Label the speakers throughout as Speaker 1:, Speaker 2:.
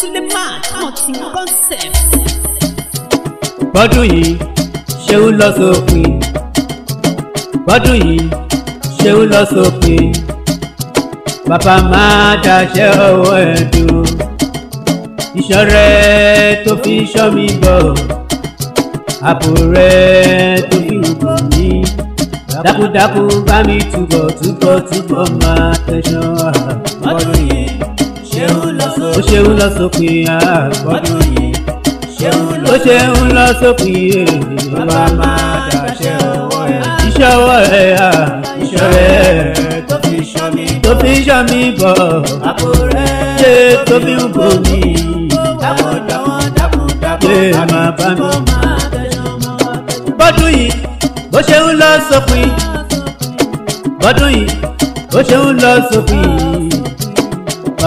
Speaker 1: Suleiman Multi Concepts. bọ́dún yìí ṣé ń lọ sópin bọ́dún yìí ṣé ń lọ sópin bàbá máa daṣẹ́ ọwọ́ ẹ̀ dúró tó fi ṣọ́ mi bọ̀ ààbò rẹ̀ tó fi wùkọ̀ mí dákúdákú bá mi túbọ̀ túbọ̀ túbọ̀ máa tẹ̀sán àbọ̀dún ṣeun lọ sópin àgbọ̀dún yìí ó ṣeun lọ sópin èrè ló wá máa dàṣẹ ọwọ́ ẹ̀ iṣẹ́ ọwọ́ ẹ̀ à iṣẹ́ rẹ̀ tó fi ṣọ́ mi bọ̀ àpò rẹ̀ ṣe tó fi ń bò mí dákúndáwọ̀n dákúndáwọ̀n àbí tó máa tẹ̀sán mọ́ bọ́dún yìí bó ṣe lọ sópin bọ́dún yìí bó ṣe lọ sópin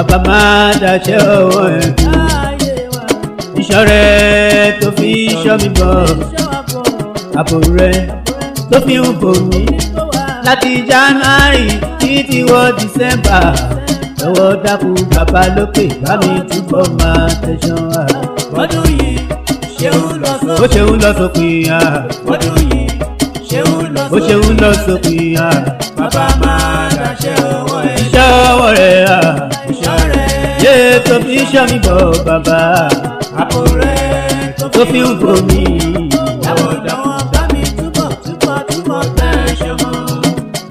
Speaker 1: bàbá má dàṣẹ́ ọwọ́ ẹ̀ ìṣọ̀rẹ́ tó fi ṣọ́ mi bọ̀ àbò re tó fi ń bò mí láti January títí wo December ẹ̀wọ́ dákú bàbá lókè bá mi túbọ̀ máa tẹ̀sán wa. ọdún yìí ṣeun lọ sókè. ó ṣeun lọ sókè ya. ọdún yìí ṣeun lọ sókè. ó ṣeun lọ sókè ya. bàbá máa dàṣẹ́ ọwọ́ ẹ̀. iṣẹ́ ọwọ́ rẹ̀ ya ṣe to fi ṣàmì bọ̀ bàbá. àpò rẹ̀ tó fi ń bomi. àwọn táwọn bá mi túbọ̀ túbọ̀ túbọ̀ tẹ̀ ṣe mọ́.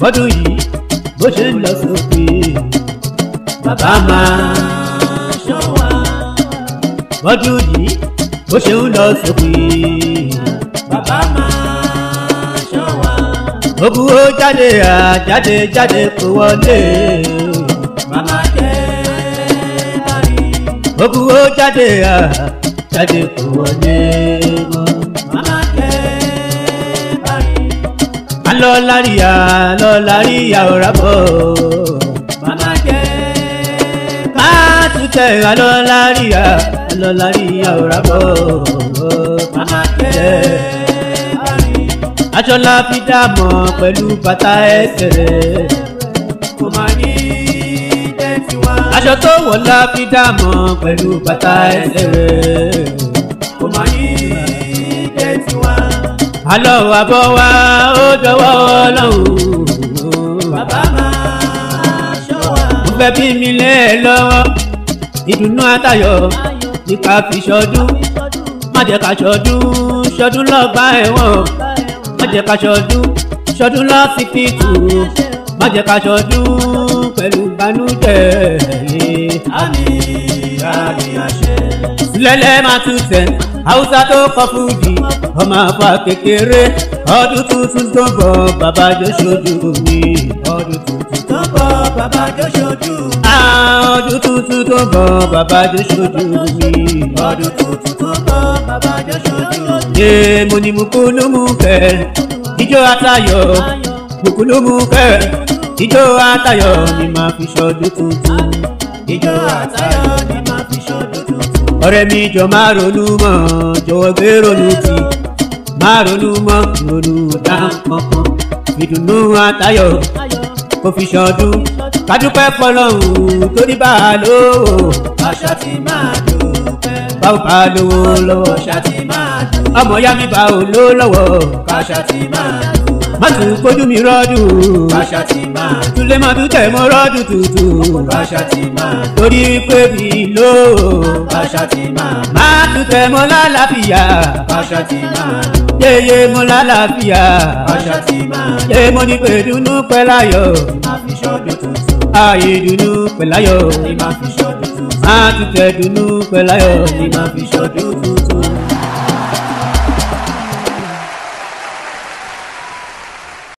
Speaker 1: bọ́dún yìí bó ṣe ń lọ sókè. bàbá máa ṣọ́ wa. bọ́dún yìí bó ṣe ń lọ sókè. bàbá máa ṣọ́ wa. òkú ó jáde àjáde jáde kó wọlé. ó buwó jáde à jáde kò wọlé mọ́. alọ́ láríyá alọ́ láríyá ọ̀rá bọ̀. màmá jẹ́ ká tútẹ̀ alọ́ láríyá alọ́ láríyá ọ̀rá bọ̀. màmá jẹ́ aṣọ la fi dá mọ̀ pẹ̀lú bàtà ẹsẹ̀ aṣọ tó wọ̀ la fi dàmọ̀ pẹ̀lú bàtà ẹsẹ̀ rẹ̀. kò mọ ní ilé tiwa. àlọ́ àbọ̀ wa ó dọwọ́ ọlọ́run. bàbá máa ṣọ́ wa. mo fẹ́ bí mi lé ẹ lọ́wọ́ ìdùnnú àtayọ̀ ní fi ṣọdún má jẹ́ ká ṣọdún ṣọdún lọ́gbà ẹ̀wọ̀n má jẹ́ ká ṣọdún ṣọdún lọ́sibítù má jẹ́ ká ṣọdún pẹ̀lú banújẹ́ mi. Àmì àmì àṣẹ. Lẹ́lẹ́ máa tún tẹ̀, Haúsá tó kọ́ fújì, ọmọ àfa kékeré, ọdún tuntun tó bọ̀ bàbá jọ ṣojú mi. Ọdún tuntun tó bọ̀ bàbá jọ ṣojú Ọdún tuntun tó bọ̀ bàbá jọ ṣojú mi. Ọdún tuntun tó bọ̀ bàbá jọ ṣojú mi. Ṣé mo ní mú fẹ́? Ijó àtayọ̀, mú fẹ́ ijó àtayọ̀ ni màá fi ṣọdún tuntun. ijó àtayọ̀ ni màá fi ṣọdún tuntun. ọ̀rẹ́ mi jọ máa ronú mọ́ jọ̀wọ́ gbé ronú tì máa ronú mọ́ ronú dáhùn kankan ìdùnnú àtayọ̀ kò fi ṣọdún kádúpẹ́ fọlọ́hún torí bá a lò ó. ọṣọ ti máa dúpẹ́. báwo bá a lówó lọ́wọ́. ọṣọ ti máa dúpẹ́. ọmọ yá mi bá a lò lọ́wọ́. ọṣọ ti máa dúpẹ́ má tún kójú mi rọ́dù. Báṣà ti máa. Túlé máa tún tẹ̀ mọ́ rọ́dù tútù. Báṣà ti máa. Torí pé mi lò. Báṣà ti máa. Má tún tẹ̀ mọ́ lálàáfíà. Báṣà ti máa. Yeye mo lálàáfíà. Báṣà ti máa. Yeye mo ní pé dunu pẹ́ láyọ̀. Má fi ṣọ́dún tuntun. Ààyè dunu pẹ́ láyọ̀. Má fi ṣọ́dún tuntun. Má tún tẹ̀ dunu pẹ́ láyọ̀. Má fi ṣọ́dún tuntun.